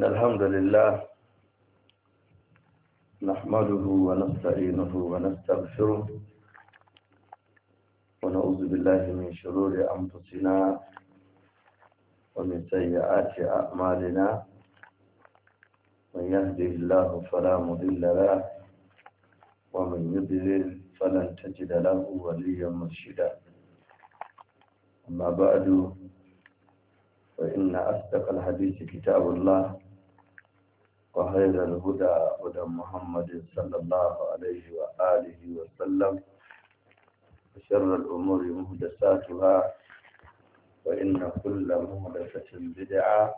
إن الحمد لله نحمده ونستعينه ونستغفره ونعوذ بالله من شرور أنفسنا ومن سيئات أعمالنا من يهده الله فلا مضل له ومن يضلل فلن تجد له وليا مرشدا أما بعد فإن أصدق الحديث كتاب الله وخير الهدى هدى محمد صلى الله عليه وآله وسلم وشر الأمور مهدساتها وإن كل مهدسة بدعة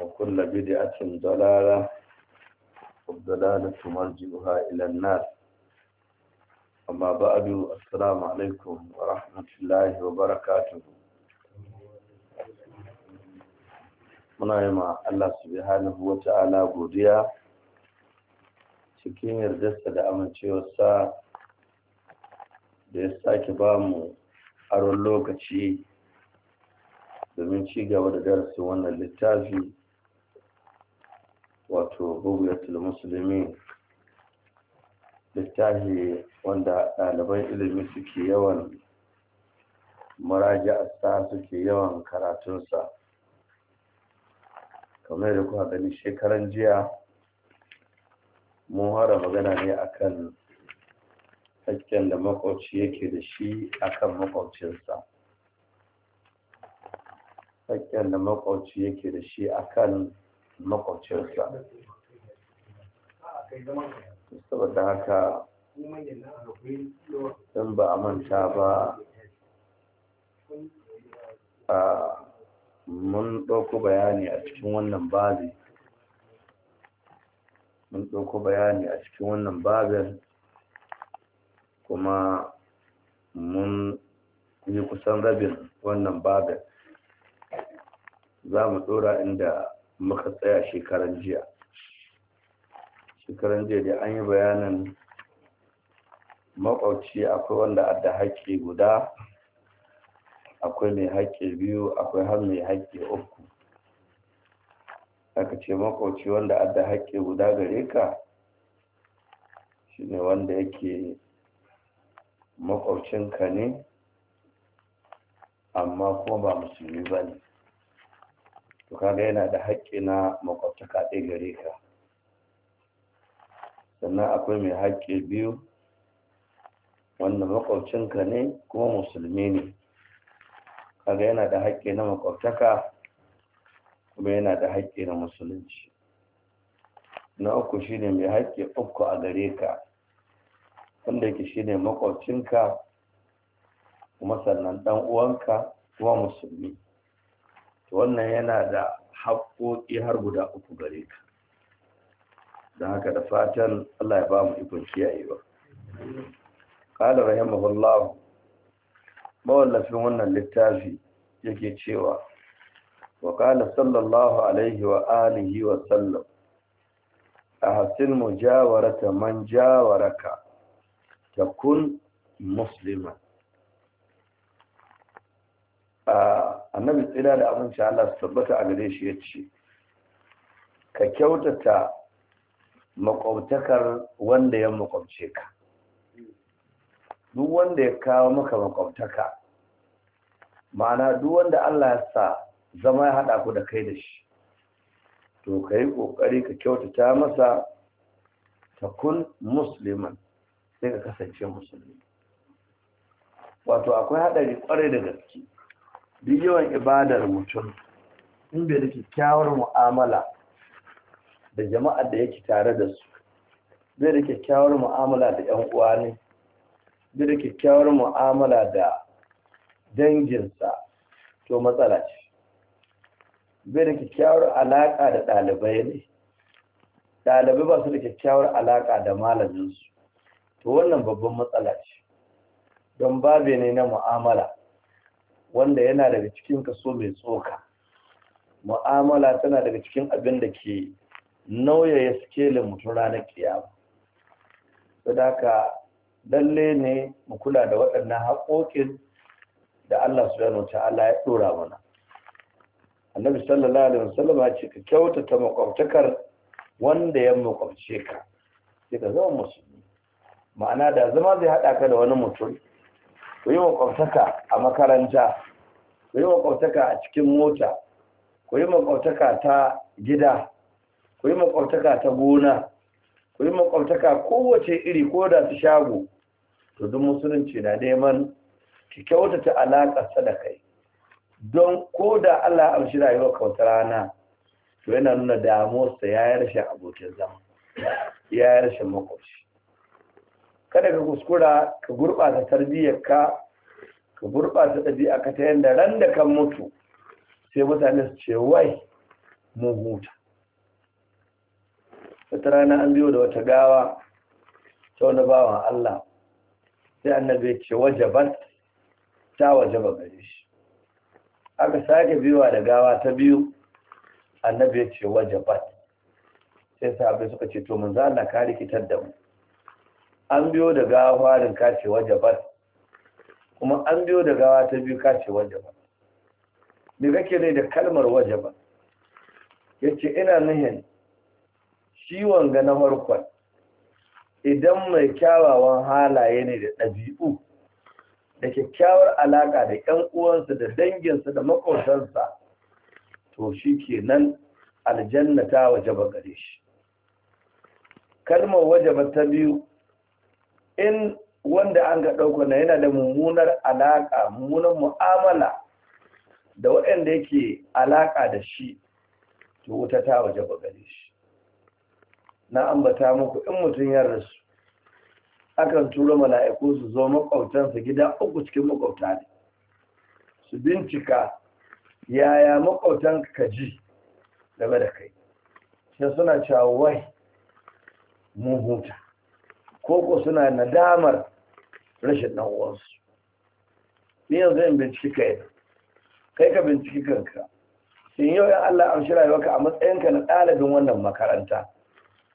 وكل بدعة ضلالة والضلالة مرجعها إلى النار أما بعد السلام عليكم ورحمة الله وبركاته muna yi ma Allah subhanahu wa ta'ala godiya cikin yardarsa da amincewarsa da ya sake ba mu aron lokaci domin ci gaba da darasi wannan littafi wato bugayatul musulmi littafi wanda ɗaliban ilimi suke yawan muraja'arsa suke yawan karatunsa kamar da kuma gani shekaran jiya mun fara magana ne akan hakken da makwabci yake da shi akan makwabcinsa hakken da makwabci yake da shi akan makwabcinsa saboda haka in ba a manta ba a mun ɗauko bayani a cikin wannan babin mun ɗauko bayani a cikin wannan babin kuma mun yi kusan rabin wannan babin za mu ɗora inda muka tsaya shekaran jiya shekaran jiya da an yi bayanin maƙwabci akwai wanda adda haƙƙi guda akwai mai haƙƙi biyu akwai har mai haƙƙi uku aka ce makwauci wanda adda haƙƙi guda gare ka shine wanda yake makwaucinka ne amma kuma ba musulmi ba ne to kaga yana da haƙƙi na makwabtaka kaɗai gare ka sannan akwai mai haƙƙi biyu wanda makwabcinka ne kuma musulmi ne kaga yana da haƙƙi na makwabtaka kuma yana da haƙƙi na musulunci na uku shine mai haƙƙi uku a gare ka wanda yake shine makwabcinka kuma sannan ɗan uwanka kuma musulmi to wannan yana da haƙƙoƙi har guda uku gare ka don haka da fatan Allah ya ba mu ikon kiyayewa رحمه الله mawallafin wannan littafi yake cewa wa qala sallallahu alaihi wa alihi wa sallam ahsin mujawarata man jawaraka takun A annabi tsira da abinci Allah su tabbata a gare shi ya ce ka kyautata makwabtakar wanda ya makwabce ka duk wanda ya kawo maka makwabtaka ma'ana duk wanda Allah ya sa zama ya haɗa ku da kai da shi to ka yi ƙoƙari ka kyautata masa takun musliman sai ka kasance musulmi wato akwai haɗari ƙwarai da gaske duk yawan ibadar mutum in bai da kyakkyawar mu'amala da jama'ar da yake tare da su bai da kyakkyawar mu'amala da 'yan uwa ne duk da kyakkyawar mu'amala da danginsa to matsala ce bai da kyakkyawar alaƙa da ɗalibai ne ɗalibai ba su da kyakkyawar alaƙa da malaminsu to wannan babban matsala ce don babe ne na mu'amala wanda yana daga cikin kaso mai tsoka mu'amala tana daga cikin abin da ke nauyaya sikelin mutum ranar kiyama sadaka lalle ne mu kula da waɗannan haƙoƙin da Allah subhanahu Allah ya ɗora mana annabi sallallahu alaihi wasallam ya ce ka kyautata makwabtakar wanda ya makwabce ka sai ka zama musulmi ma'ana da zama zai haɗa ka da wani mutum ku yi makwabtaka a makaranta ku yi makwabtaka a cikin mota ku yi makwabtaka ta gida ku yi makwabtaka ta gona ku yi makwabtaka kowace iri ko da su shago to duk musulunci na neman ki kyautata alaƙarsa da kai don ko da Allah amshi rayuwar kautar rana to yana nuna damuwarsa ya yi rashin abokin zama ya yi rashin makwabci kada ka kuskura ka gurɓata tarbiyyarka ka gurɓata ɗabi'a ka ta yadda ran da kan mutu sai mutane su ce wai mun huta wata rana an biyo da wata gawa ta wani bawan Allah sai annabi ya ce wajabat ta wajaba gare shi aka sake biyuwa da gawa ta biyu annabi ya ce wajabat sai sahabbai suka ce to mun za na ka rikitar da mu an biyo da gawa farin ka ce wajabat kuma an biyo da gawa ta biyu ka ce wajabat me kake ne da kalmar wajabat yace ina nihin ciwon ga na farkon idan mai kyawawan halaye ne da ɗabi'u da kyakkyawar alaƙa da ƴan uwansa da danginsa da maƙotansa to shi ke nan aljanna ta ba gare shi kalmar ba ta biyu in wanda an ga ɗaukuna yana da mummunar alaƙa mummunar mu'amala da waɗanda yake alaƙa da shi to wuta ta waje ba gare shi na ambata muku in mutum ya rasu akan tura mala'iku su zo makwautansa gida uku cikin makwauta ne su bincika yaya makwautan ka ji game da kai sai suna cewa wai mun huta ko suna nadamar rashin dan uwansu ni yanzu in binciki kai kai ka binciki kanka in yau ya Allah an shirya maka a matsayinka na ɗalibin wannan makaranta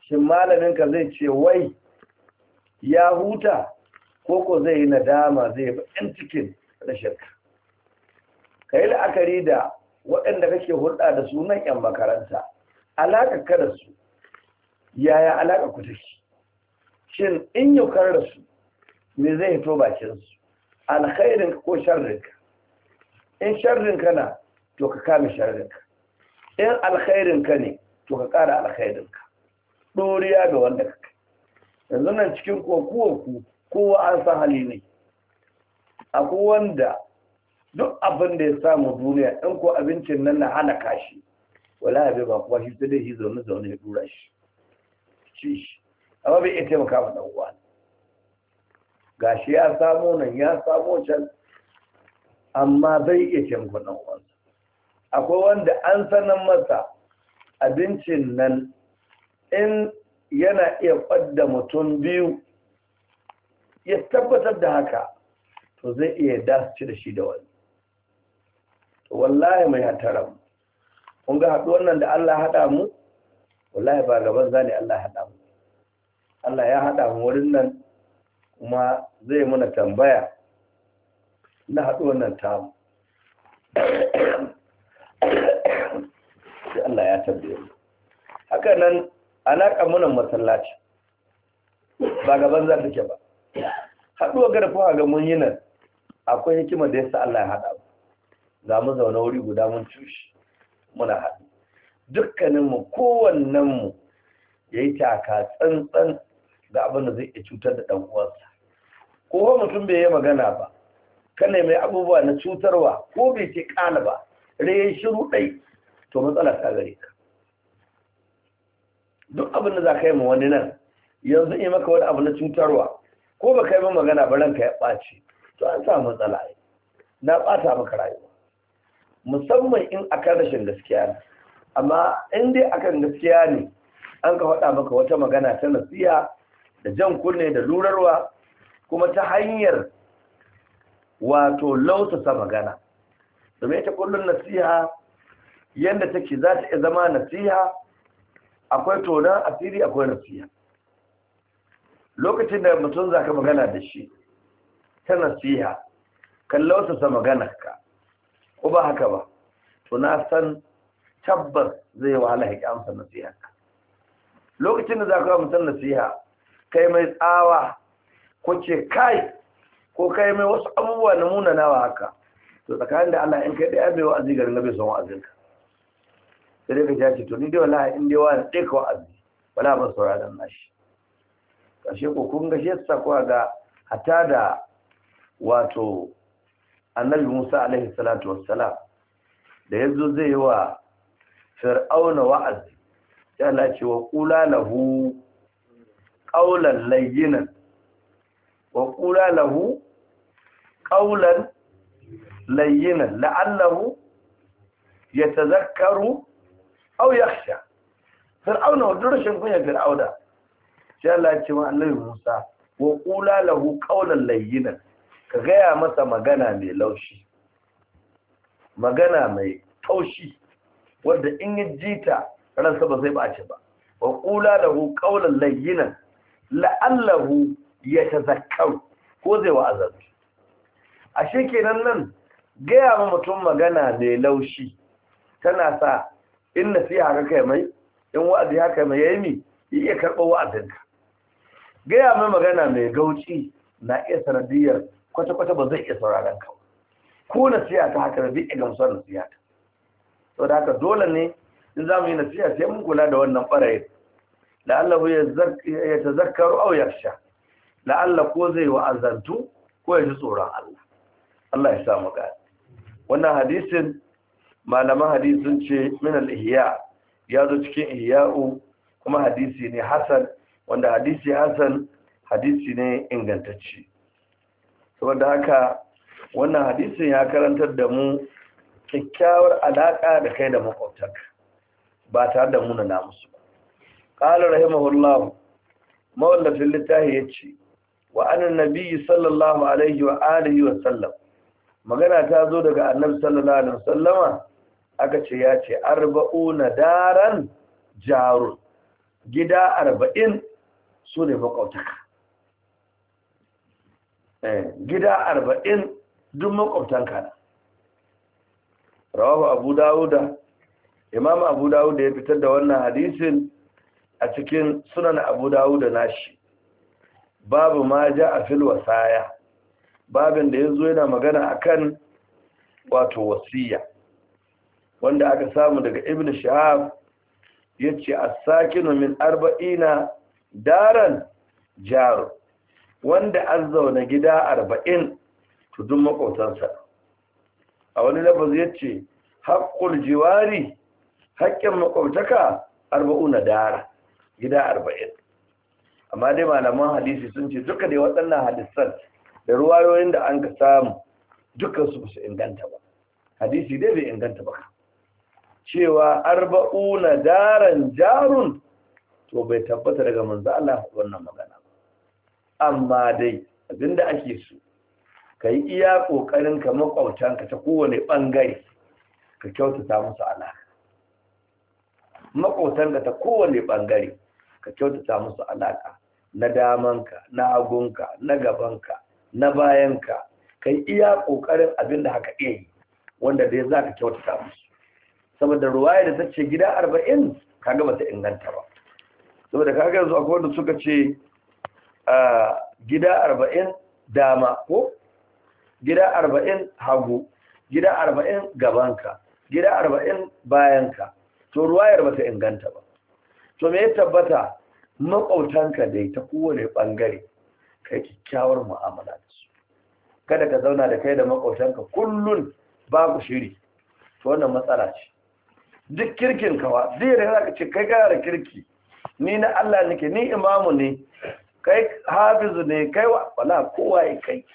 shin malaminka zai ce wai ya huta ko ko zai yi nadama zai yi yan cikin rashinka ka yi la'akari da waɗanda kake hulɗa da sunan yan makaranta alaƙa ka da su yaya alaƙa ku take shin in yaukar da su me zai hito bakinsu alkhairin ko sharrinka in sharrinka na to ka kame sharrinka in alkhairinka ne to ka ƙara alkhairinka ɗoriya ga wanda ka kai yanzu nan cikin kokowarku kowa an san hali ne akwai wanda duk abin da ya samu duniya in ko abincin nan na hana kashi wala abin ba kuma shi sai dai shi zaune zaune ya dura shi shi shi amma bai iya taimaka ma ɗan uwa gashi ya samo nan ya samo can amma bai iya taimaka ɗan uwa akwai wanda an sanar masa abincin nan in yana iya kwadda mutum biyu ya tabbatar da haka to zai iya dace da shi da wani wallahi mai hatara mu kun ga haɗu wannan da Allah haɗa mu wallahi ba gaban zane Allah haɗa mu Allah ya haɗa mu wurin nan kuma zai muna tambaya na haɗu wannan tamu sai Allah ya tambaye mu haka nan alaƙar munan masallaci ba gaban za take ba haɗuwa garfa ga mun yi akwai hikima da yasa Allah ya haɗa mu za mu zaune wuri guda mun cushi muna haɗu dukkaninmu kowannenmu ya yi taka tsantsan ga abin da zai iya cutar da ɗan uwansa ko mutum bai yi magana ba kana mai abubuwa na cutarwa ko bai ce ƙala ba rai shiru ɗai to matsala ta gare ka duk abin da za ka yi ma wani nan yanzu yi maka wani abu na cutarwa ko ba kai ma magana ba ranka ya ɓaci to an samu matsala na ɓata maka rayuwa musamman in a akan rashin gaskiya ne amma in dai akan gaskiya ne an ka faɗa maka wata magana ta nasiya da jan kunne da lurarwa kuma ta hanyar wato lautasa magana domin ita kullum nasiha yadda take za ta zama nasiha akwai tona asiri akwai nasiya lokacin da mutum za ka magana da shi ta nasiha kallonsa sa ka, ko ba haka ba to san tabbas zai wahala haƙi amsa nasiha lokacin da za ka mutum nasiha kai mai tsawa ko ce kai ko kai mai wasu abubuwa na munanawa haka to tsakanin da Allah in kai ɗaya mai wa'azi garin gabe son wa'azinka sai ka shaci to ni dai wallahi in dai wani ɗai kawai azi wala ba sauraron nashi ƙarshe ko kun ga shi sa kuwa ga hata da wato annabi musa alaihi salatu wassalam da yanzu zai yi wa fir'auna wa'azi Ya Allah ce wa ƙula lahu ƙaulan layyinan wa ƙula lahu layyinan la'allahu ya tazakkaru au yakhsha fir'auna wa kunya fir'auna sai Allah ce ma Allah Musa wa qula lahu qawlan layyinan ka gaya masa magana mai laushi magana mai taushi wanda in ya jita ransa ba zai bace ba wa qula lahu qawlan layyinan la'allahu yatazakkaru ko zai wa'azabi ashe kenan nan gaya ma mutum magana mai laushi tana sa in nasiha ka kai mai in wa'azi ya kai mai yayi mi iya karɓar wa'azinka gaya mai magana mai gauci na iya sanadiyar kwata-kwata ba zai iya sauraron ka ko nasiha ta haka da zai iya gamsuwar nasiha ta sau haka dole ne in za mu yi nasiha sai mun kula da wannan ɓarayin la'allahu ya tazakkaru au yaksha la'alla ko zai wa'azantu ko ya ji tsoron Allah Allah ya samu gani wannan hadisin malaman hadisi sun ce min al-ihya ya zo cikin ihya'u kuma hadisi ne hasan wanda hadisi hasan hadisi ne ingantacce saboda haka wannan hadisin ya karantar da mu kyakkyawar alaka da kai da makwabtaka ba tare da muna namusu ba qala rahimahullahu mawallafin littafi yace wa anna nabiyyi sallallahu alaihi wa alihi wa sallam magana ta zo daga annabi sallallahu alaihi wa sallama aka ce ya ce arba'una daren jarun gida arba'in su ne makwabtaka eh, gida arba'in duk makwabtan na rawahu abu dawuda imam abu dawuda ya fitar da wannan hadisin a cikin sunan abu dawuda nashi babu ma ja a fil wasaya babin da ya zo yana magana akan wato wasiya wanda aka samu daga ibn shahab ya ce a sakinu min arba'ina daren jaro wanda an zaune gida arba'in tudun makotansa a wani lafazi ya ce haƙƙul jiwari haƙƙin makwabtaka arba'una dara gida arba'in amma dai malaman hadisi sun ce duka dai waɗannan hadisan da ruwayoyin da an ka samu duka su su inganta ba hadisi dai bai inganta ba cewa arba'una daran jarun to bai tabbata daga manzo Allah wannan magana ba amma dai abinda ake so kai iya kokarin ka ka ta kowane bangare ka kyautata musu alaka ka ta kowane bangare ka kyautata musu alaka na damanka na agunka na gabanka na bayanka kai iya kokarin abinda haka iya yi wanda dai zaka kyautata musu saboda ruwaya da ta ce gida arba'in kaga ba ta inganta ba saboda kaga yanzu akwai wanda suka ce ah, gida arba'in dama ko gida arba'in hagu gida arba'in gabanka gida arba'in bayanka to ruwayar ba ta inganta ba to me ya tabbata makautanka dai ta kowane bangare kai kyakkyawar mu'amala da su kada ka zauna da kai da makautanka kullun babu shiri to wannan matsala ce duk kirkin kawa zai da zaka ce kai kana da kirki ni na Allah nake ni imamu ne kai hafizu ne kai wa? wala kowa ya kai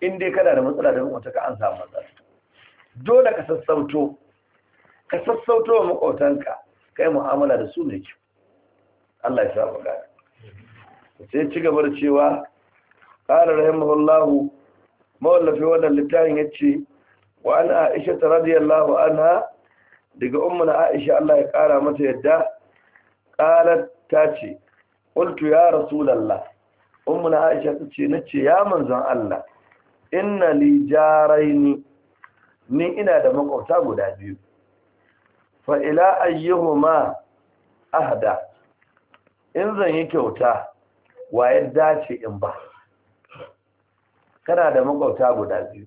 in dai kana da matsala da wata ka an samu matsala dole ka sassauto ka sassauto wa makotanka kai mu'amala da su ne ki Allah ya saba ga sai ci gaba da cewa qala rahimahullahu mawallafi wannan littafin yace wa ana aisha radiyallahu anha daga ummuna Aisha Allah ya kara mata yadda qalat ta qultu ya rasulullah ummuna Aisha tace nace ya manzon Allah inna li jaraini ni ina da makwabta guda biyu fa ila ayyuhuma ahda in zan yi kyauta wa ya dace in ba kana da makwabta guda biyu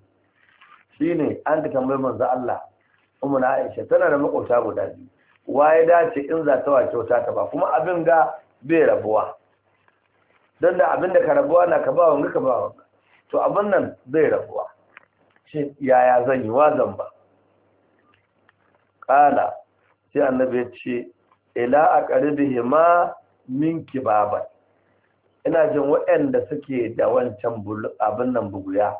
shine an ka tambayi manzon Allah na aisha tana da makwauta guda biyu Wa ya dace in za ta wace wata ta ba kuma abin ga bai rabuwa don da abin da ka rabuwa na ka ba wanga ka ba wanga to abin nan bai rabuwa shi yaya zan yi wa zan ba kala sai annabi ya ce ila a ƙaribihi ma min kibaban ina jin waɗanda suke da wancan abin nan buguya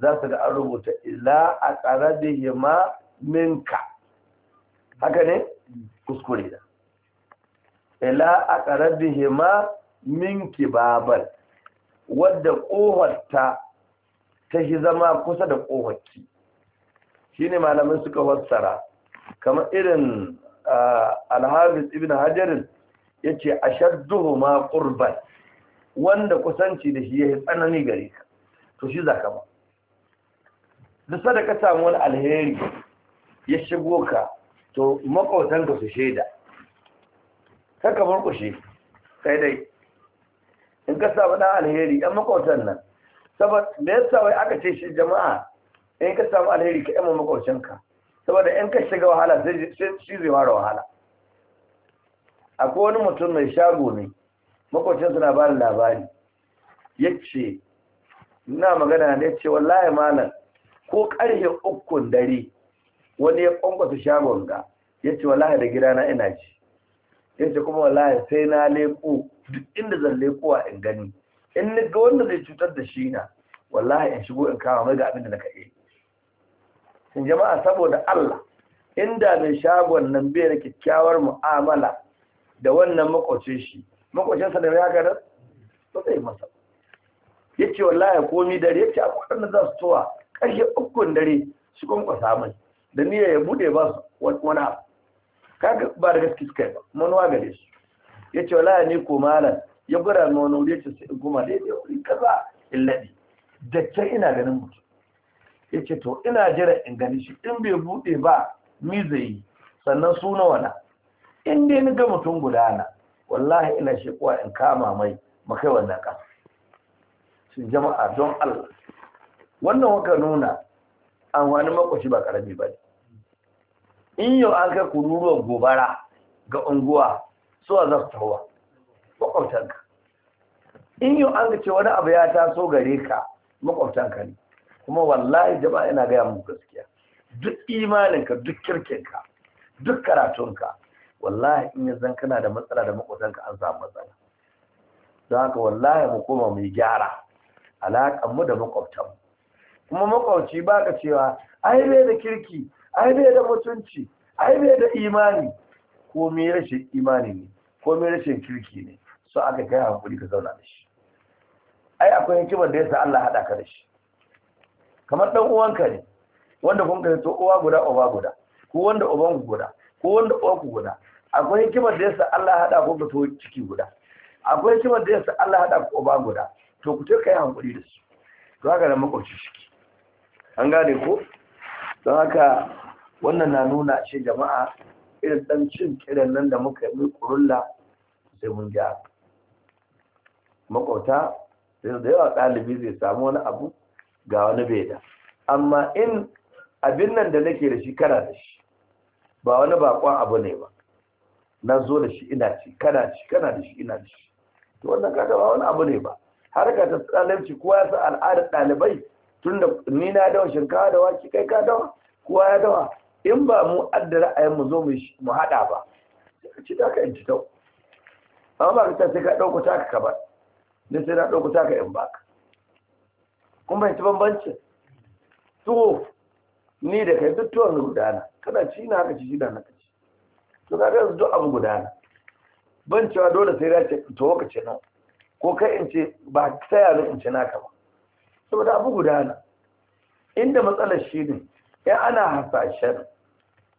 za su ga an rubuta ila a ƙaribihi ma minka haka ne kuskure da ila aqrabihima minki babal. wadda ƙofarta ta shi zama kusa da Shi shine malamin suka fassara kamar irin alhafiz ibn hajarin ya ce a shadduhu ma ƙurban wanda kusanci da shi ya yi tsanani gare ka to shi za ka ba da sadaka samu wani alheri ya shigo ka to makwautanka su shaida kaka murkushe kai dai in ka samu ɗan alheri ɗan makwautan nan saboda me yasa wai aka ce shi jama'a in ka samu alheri ka ɗan makwaucinka saboda in ka shiga wahala sai shi zai ware wahala akwai wani mutum mai shago ne suna na bani labari ya ce na magana ne ce wallahi malam ko karfe ukun dare wani ya kwankwasa shagon ga ya ce wallahi da gidana ina ci ya ce kuma wallahi sai na leko duk inda zan lekowa in gani in ni ga wanda zai cutar da shi na wallahi in shigo in kama mai ga abin da na kaɗe sun jama'a saboda Allah inda mai shagon nan bai da kyakkyawar mu'amala da wannan makwacin shi makwacinsa da ya gada ba masa ya ce wallahi komi dare ya ce a da za su towa ƙarshe ukun dare su kwankwasa mai da niyya ya bude ba wani abu kaga ba da gaske suka yi ba manuwa gare su ya ce wala ne ko malam ya gura ma wani wuri ya ce sai goma da ya wuri kaza illadi da can ina ganin mutum ya ce to ina jira in gani shi in bai bude ba mi zai yi. sannan suna nawa in dai ni ga mutum gudana wallahi ina kuwa in kama mai makai wannan kasa su jama'a don Allah wannan waka nuna wani makwashi ba karami ba ne in yau an kai kururuwar gobara ga unguwa suwa za su tawa makwabtanka in yau an ce wani abu ya taso gare ka makwabtanka ne kuma wallahi jama'a ina gaya mu gaskiya duk imaninka duk ka duk karatunka wallahi in yanzu kana da matsala da makwabtanka an samu matsala don haka wallahi mu koma mu gyara gyara mu da makwabtanmu kuma makwabci baka cewa ai bai da kirki ai bai da mutunci ai bai da imani ko me rashin imani ne ko me rashin kirki ne so aka kai hankuli ka zauna da shi ai akwai hikimar da yasa Allah hada ka da shi kamar dan uwanka ne wanda kun kai to uwa guda uba guda ko wanda uban ku guda ko wanda uwa ku guda akwai hikimar da yasa Allah hada ku da to ciki guda akwai hikimar da yasa Allah hada ku uba guda to ku ta kai hankuri da su to haka nan makwabci shi an gane ko don haka wannan na nuna shi jama'a irin dan cin kiran nan da muka yi kurulla sai mun gyara makwauta da yawa ɗalibi zai samu wani abu ga wani beda amma in abin nan da nake da shi kana da shi ba wani bakon abu ne ba na zo da shi ina ci kana shi kana da shi ina da shi to wannan kada ba wani abu ne ba Har ka ta ɗalibci kowa ya sa al'adar ɗalibai tun da ni na dawa shinkawa da waki kai ka dawa kowa ya dawa in ba mu adda ra'ayin mu zo mu haɗa ba ci ta ka in ci tau amma ba ka sai ka ɗauko taka ka ba ne sai na ɗauko taka in baka kun bai ci bambanci to ni da kai duk tuwon gudana kana ci na ka ci shida na kaci to ka yanzu duk abu gudana ban cewa dole sai ya ce to ka ce nan ko kai in ce ba saya ni in ce naka ba saboda abu gudana inda matsalar shi ne ya ana hasashen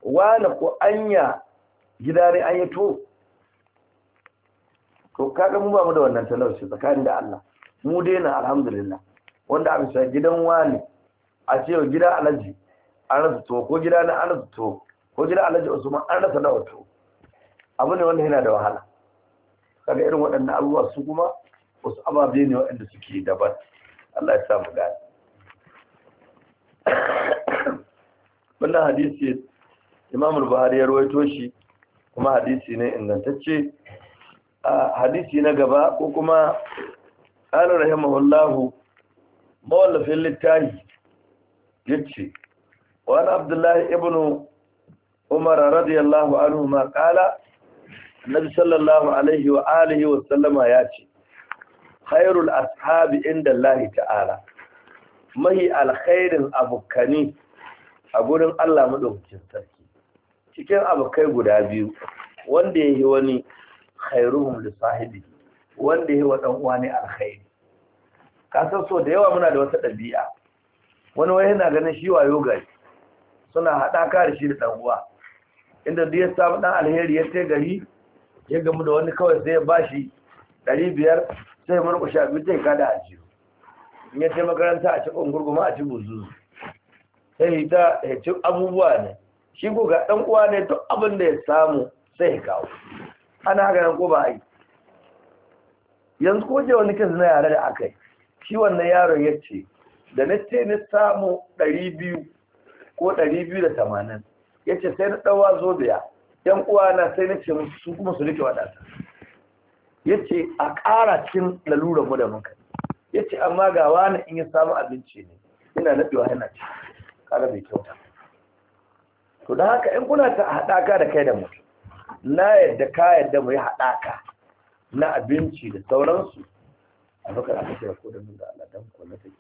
wani ko anya ne an yi to ko kaga mu ba mu da wannan talauci tsakanin da Allah mu dai na alhamdulillah wanda a bisa gidan wani a ce gida alaji an rasa to ko gida na an rasa to ko gida alaji ma an rasa na wato abu ne wanda yana da wahala kaga irin waɗannan abubuwa su kuma wasu ababe ne waɗanda suke daban Allah ya sa mu gani wannan hadisi imam buhari ya rawaito shi kuma hadisi ne ingantacce a hadisi na gaba ko kuma qala rahimahullahu mawallafin littahi yace wa an abdullahi ibnu umar radiyallahu anhu ma qala annabi sallallahu alaihi wa alihi wa sallama yace khairul ashabi inda Allah ta'ala mahi alkhairin abukani a gurin Allah madaukakin sarki cikin abokai guda biyu wanda ya yi wani khairuhum da sahibi wanda ya yi wa ɗan'uwa ne alkhairi kasar so da yawa muna da wata ɗabi'a wani wai yana ganin shi wa yoga suna haɗaka da shi da ɗan'uwa inda duk ya samu ɗan alheri ya ce gari ya gamu da wani kawai sai ya ba shi ɗari biyar sai mun abin zai kada a jiyo in ya ce makaranta a cikin gurguma a ci buzuzu sai abubuwa ne shi ko ga ɗan uwa ne duk abin da ya samu sai ya kawo ana haka nan ko ba ai yanzu ko je wani kes na yare da aka yi shi wannan yaron ya ce da na ce ni samu 200 ko 280 ya ce sai na ɗawa zo biya yan uwa na sai na ce su kuma su rike wadata ya ce a ƙara cin lalurar mu da muka ya ce amma ga wani in ya samu abinci ne ina naɗewa yana ci ƙara bai kyauta to da haka in kuna ta haɗaka da kai da mutum na yadda ka yadda mu yi haɗaka na abinci da sauransu a lokacin aka shirya ko da mun da Allah dan kula take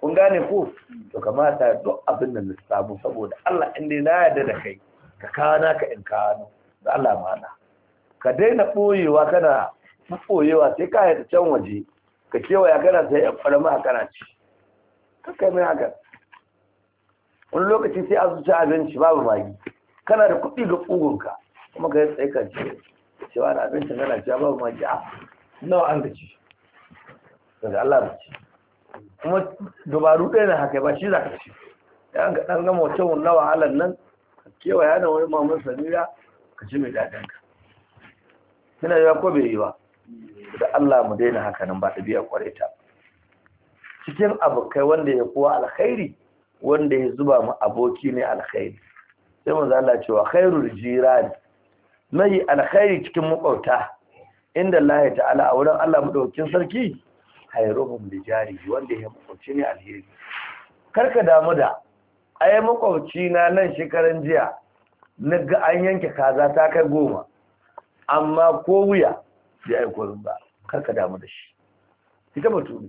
kun gane ku? to kamata duk abin da mu samu saboda Allah in dai na yadda da kai ka kana ka in kano da Allah mana ka daina boyewa kana boyewa sai ka yadda can waje ka kewaya kana sai ya fara ma kana ci kai mai haka wani lokaci sai a zuci abinci babu magi kana da kuɗi ga ƙugunka kuma ka yi tsaye kan ce cewa da abincin kana cewa babu magi a nawa an gaci daga Allah ba ce kuma dubaru ɗaya na haka ba shi za ka ce ya ga ɗan gama wacce nawa wahalar nan ka kewa yana wani mamun samira ka ci mai daɗin ka yana yi ko bai yi ba da Allah mu daina haka nan ba ɗabi'a kwarai ta cikin abokai wanda ya kowa alkhairi wanda ya zuba mu aboki ne alkhairi sai manzo Allah wa khairul jiran mai alkhairi cikin mukauta inda Allah ta'ala a wurin Allah madaukakin sarki khairuhum li jari wanda ya mukauci ne alheri karka damu da ai mukauci na nan shekaran jiya naga an yanke kaza ta kai goma amma ko wuya bai aiko ba karka damu da shi ita batu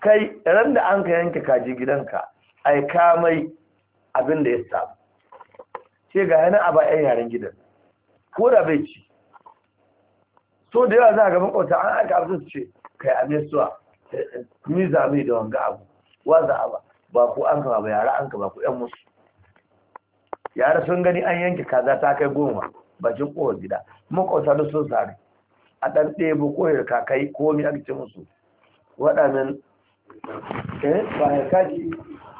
kai ran da an ka yanke kaji gidanka aika mai abin da ya samu ce ga yana a bayan yaren gidan ko da bai ci so da yawa za a gaban kwata an aika abin su ce kai a mesuwa ni zame da wanga abu wa za a ba ba ku an kama ba yara an kama ku yan musu yara sun gani an yanke kaza ta kai goma bakin kowar gida makwata da sun sare a ɗan ɗebo koyar kakai komi ake musu waɗannan eh ba ya kaji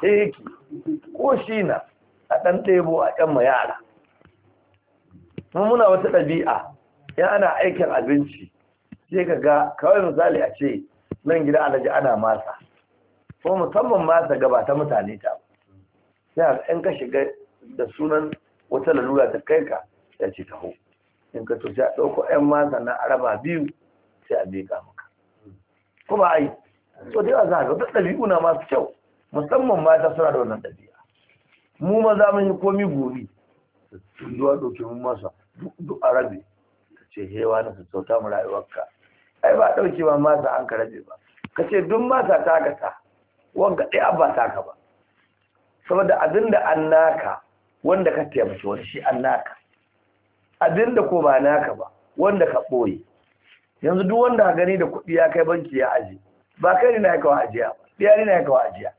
yake ko shi na a ɗan ɗebo a ɗan ma yara mun muna wata ɗabi'a ya ana aikin abinci sai ka ga kawai misali a ce nan gida alaji ana masa ko musamman masa gaba ta mutane ta sai ɗan ka shiga da sunan wata lalura ta kai ka ya ce ho in ka tuci ɗauko ‘yan masa na araba biyu sai a beka maka kuma ai so dai a ga duk ɗabi'u na masu kyau musamman mata suna da wannan ɗabi'a mu maza mun yi komi gobe zuwa ɗauke mun masa duk arabe ce hewa na su sauta mu rayuwarka ai ba ɗauke ba masa an karabe ba ka ce duk masa ta ga ta wanka ɗaya abba ta ka ba saboda abin da an naka wanda ka taimaki wani shi an naka abin da ko ba naka ba wanda ka ɓoye yanzu duk wanda ka gani da kuɗi ya kai banki ya aji ba kai ne na ya kawo ajiya ba ɗiya ne na ya kawo ajiya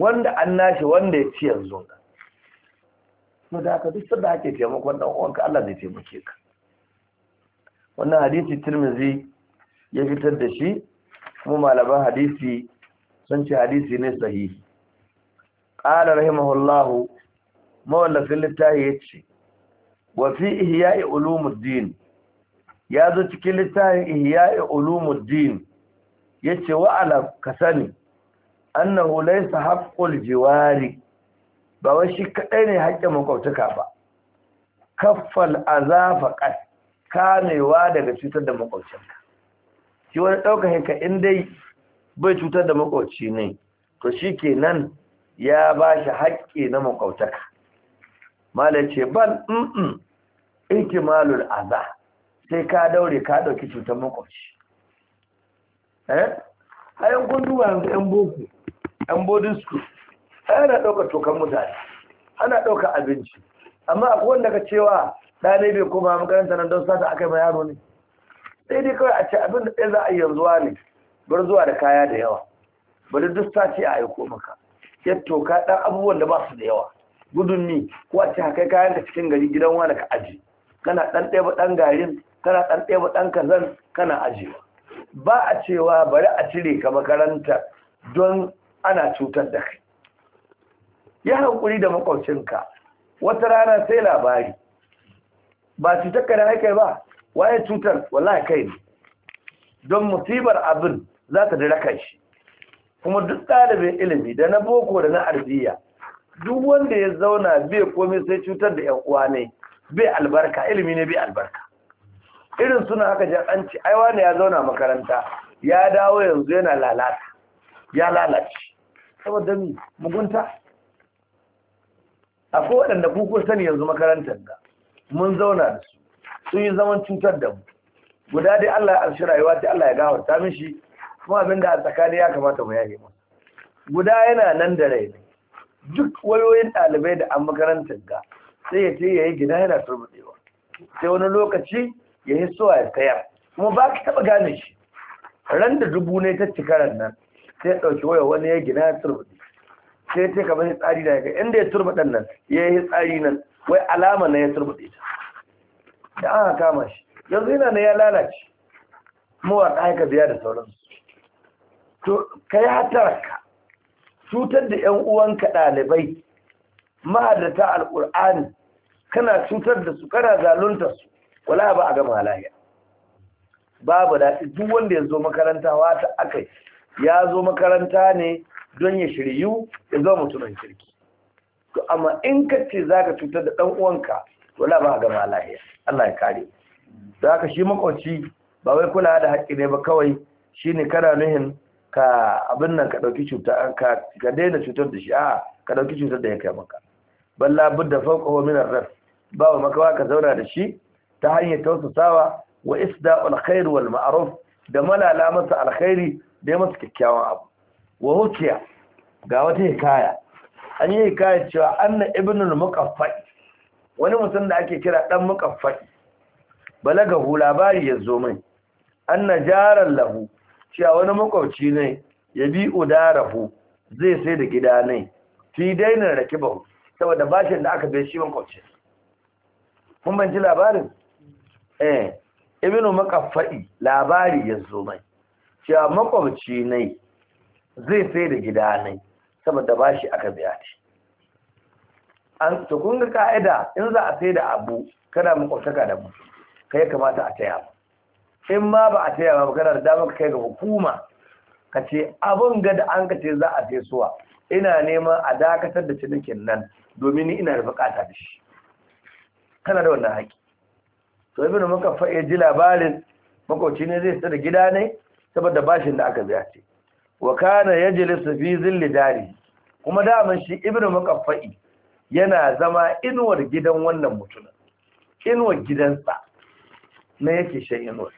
wanda an nashi wanda ya ci yanzu na da aka duk sadda ake taimakon dan uwanka Allah zai taimake ka wannan hadisi Tirmidhi ya fitar da shi kuma malaman hadisi sun ce hadisi ne sahihi qala rahimahullahu mawallafin littafi yace wa fi ihya'i ulumuddin ya zo cikin littafin ihya'i ulumuddin yace wa ala kasani annahu laysa haqqul jiwari ba wa shi kadai ne haƙƙin makwabtaka ba kaffal azafa qat kamewa daga cutar da makwabcinka shi wani dauka haka in dai bai cutar da makwabci ne to shi kenan ya ba shi haƙƙi na makwabtaka malar ce ban ɗin ikmalul aza sai ka daure ka ɗauki cutar makwabci eh ayan kun duba yanzu 'yan boko ɗan bodin su ana ɗaukar tokan mutane ana ɗaukar abinci amma a wanda ka cewa ɗane bai koma makaranta nan don sata aka yi yaro ne sai dai kawai a ce abin da ɗaya za a yi yanzu ne bar zuwa da kaya da yawa bari duk sati a aiko maka ya toka ɗan abubuwan da ba su da yawa gudun ni ko a ce haka kayan ka cikin gari gidan wani ka aji kana ɗan ɗaya ɗan garin kana ɗan ɗaya ɗan kazan kana ajiyewa ba a cewa bari a cire ka makaranta don ana cutar da kai ya hankuri da makwabcinka wata rana sai labari ba cutar ka da haikai ba waye cutar wala kai ne don musibar abin za ta diraka shi kuma duk ɗalibin ilimi da na boko da na arziya duk wanda ya zauna bai komai sai cutar da 'yan uwa ne bai albarka ilimi ne bai albarka irin suna haka jaɗanci aiwa ne ya zauna makaranta ya dawo yanzu yana lalata ya lalace saboda mi mugunta akwai waɗanda kuku sani yanzu makarantar da mun zauna da su sun yi zaman cutar da mu guda dai Allah ya arshi rayuwa ta Allah ya ta mishi kuma abin da a tsakani ya kamata mu yaye masa guda yana nan da rai duk wayoyin ɗalibai da an makarantar ga sai ya ce ya yi gida yana turbuɗewa sai wani lokaci ya yi suwa ya kaya kuma ba ka taɓa gane shi ran da dubu ne ta cikaran nan sai ɗauki waya wani ya gina ya turbaɗe sai ta kamar tsari da ya inda ya ɗan nan ya yi tsari nan wai alama na ya turbaɗe ta da an kama shi yanzu yana na ya lalace mawa mawaƙa haka biya da sauransu to ka yi hatarka cutar da 'yan uwanka ɗalibai ma'adata al'ur'ani kana cutar da su kana zalunta su wala ba a gama halayya babu daɗi duk wanda ya zo makaranta wata aka yi ya zo makaranta ne don ya shiryu ya zama mutumin kirki to amma in ka ce za ka cutar da ɗan'uwanka, to la ba gama lahiya Allah ya kare Za ka shi makwaci ba wai kula da haƙƙi ne ba kawai Shi shine kana nuhin ka abin nan ka ɗauki cuta ka daina cutar da shi a'a ka ɗauki cutar da ya kai maka balla budda fawqahu min minar raf ba wa makawa ka zauna da shi ta hanyar tausasawa wa isda'ul khair wal ma'ruf da malala masa alkhairi da masu kyakkyawan abu wa hukiya ga wata hikaya an yi hikaya cewa anna ibnul muqaffai wani mutum da ake kira dan muqaffai balagahu labari ya zo mai anna jaran lahu cewa wani makwabci ne ya bi udarahu zai sai da gida ne fi daina rakibahu saboda bashin da aka bai shi makwabci mun ban ji labarin eh ibnu muqaffai labari ya zo mai cewa makwabci ne zai sai da gida ne saboda shi aka biya shi an tukun ga ka'ida in za a sai da abu kana makwabtaka da mu kai kamata a taya ba in ma ba a taya ba kana da damar kai ga hukuma ka ce abin ga da an kace ce za a sai suwa ina neman a dakatar da cinikin nan domin ni ina da bukata da shi kana da wannan haƙi to ibnu maka ya ji labarin makwabci ne zai sai da gida ne saboda bashin da aka biya ce wa kana yajlisu fi zilli dari kuma daman shi ibnu muqaffai yana zama inuwar gidan wannan mutumin inuwar gidansa na yake shan inuwar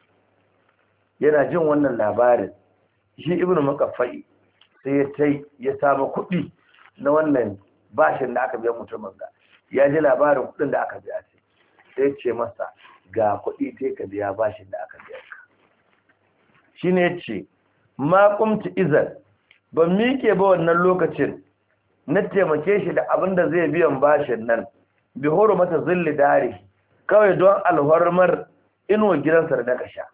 yana jin wannan labarin shi ibnu muqaffai sai ya tai ya samu kuɗi na wannan bashin da aka biya mutumin ga ya ji labarin kuɗin da aka biya ce sai ce masa ga kuɗi sai ka biya bashin da aka biya ne ce ma kumti izar ban miƙe ba wannan lokacin na taimake shi da abin da zai biyan bashin nan bi mata zilli dare kawai don alhormar inuwa gidansa da daga sha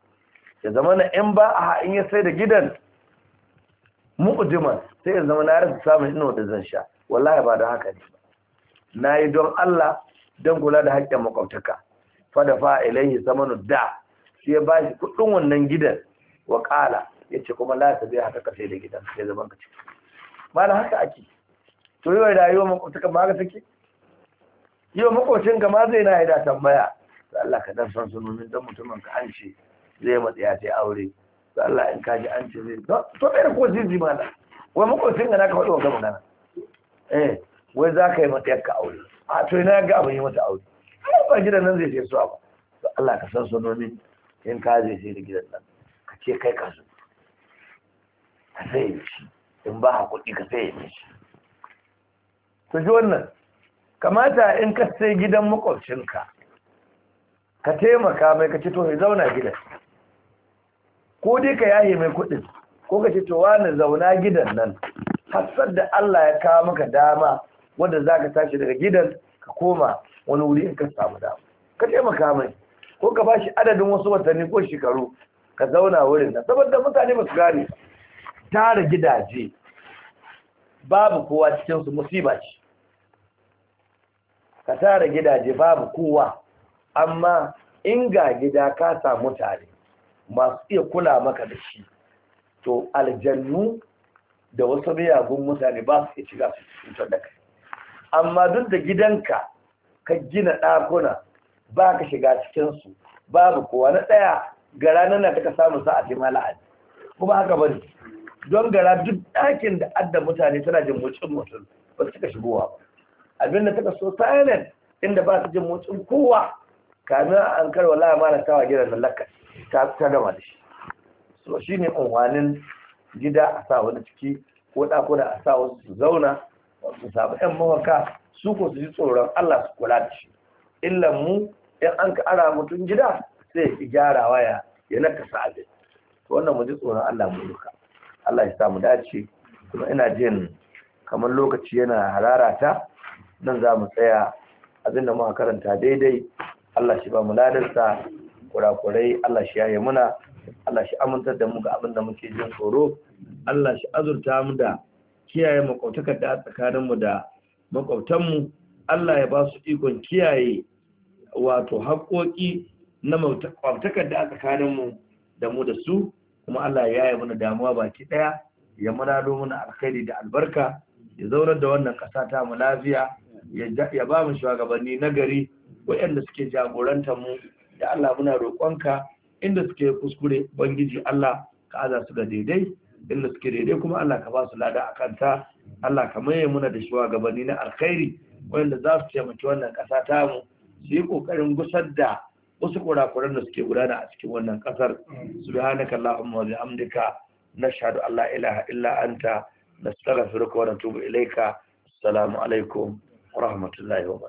ya zama na in ba a in ya sai da gidan mu'ujiman sai ya zama na rasa samun inuwa da zan sha wallahi ba da haka ne na yi don Allah don kula da haƙƙin makwabtaka fada fa ilaihi zama da sai ya bashi kuɗin wannan gidan wa ya ce kuma la ta zai haka karshe da gidan sai zaman ka ciki Mana haka ake to yau rayuwa makwabta kamar haka take yau makwabcin ka ma zai na yi da tambaya da Allah ka dan san sunonin dan mutumin ka an Zai zai ya sai aure da Allah in ka ji an zai to kai ko zizi malam wai makwabcin ka na ka faɗi wa magana eh wai za ka yi matsayar ka aure a to ina ga abin yi mata aure ba gidan nan zai je suwa ba Allah ka san sunonin in ka zai sai da gidan nan ce kai ka zo ka sai shi in ba ha kuɗi ka sai shi ku ji wannan kamata in ka sai gidan makwabcinka ka taimaka mai ka ce to ya zauna gidan ko dai ka yaye mai kuɗin ko ka ce to wani zauna gidan nan hassar da Allah ya kawo maka dama wanda za ka tashi daga gidan ka koma wani wuri in ka samu dama ka taimaka mai ko ka bashi adadin wasu watanni ko shekaru ka zauna wurin nan saboda mutane ba su gane tara gidaje babu kowa cikinsu musiba ce ka tara gidaje babu kowa amma in ga gida ka samu tare masu iya kula maka da shi to aljannu da wasu miyagun mutane ba su iya shiga su cutar da kai amma duk da gidanka ka gina ɗakuna ba ka shiga cikinsu babu kowa na ɗaya gara ranar na taka samun sa a ma la'adi kuma haka ne, don gara duk ɗakin da adda mutane tana jin motsin mutum ba su ka shigowa ba abin da taka so silent inda ba su jin motsin kowa kamin an karwa la'ama na tawa gidan da lakka ta gama da shi so shi ne unwanin gida a sa wani ciki ko dakuna a sa wasu su zauna su samu ‘yan mawaka su ko su ji tsoron Allah su kula da shi illan mu in an ka ara mutum gida sai ki gyara waya ya nakasa abin to wannan mu ji tsoron Allah mu duka Allah ya sa mu dace kuma ina jin kamar lokaci yana hararata nan za mu tsaya abin da muka karanta daidai Allah shi ba mu ladarsa kurakurai Allah shi yaye muna Allah shi amintar da mu ga abin da muke jin tsoro Allah shi azurta mu da kiyaye makwautakar da tsakanin mu da makwautan mu Allah ya ba su ikon kiyaye wato haƙoƙi na kwabtakar da tsakaninmu da mu da su kuma Allah ya yi mana damuwa baki ɗaya ya manado mana alkhairi da albarka ya zaunar da wannan ƙasa ta mu lafiya ya ba mu shugabanni nagari gari waɗanda suke jagoranta mu da Allah muna roƙonka inda suke kuskure bangiji Allah ka aza su ga daidai inda suke daidai kuma Allah ka ba su lada a kanta Allah ka maye muna da shugabanni na alkhairi wanda za su taimaki wannan ƙasa ta mu su yi ƙoƙarin gusar da wasu kurakuran da suke gudana a cikin wannan kasar subhanaka allahumma wa bihamdika nashhadu an la ilaha illa anta nastaghfiruka wa natubu Ilaika assalamu alaikum wa rahmatullahi wa barakatuh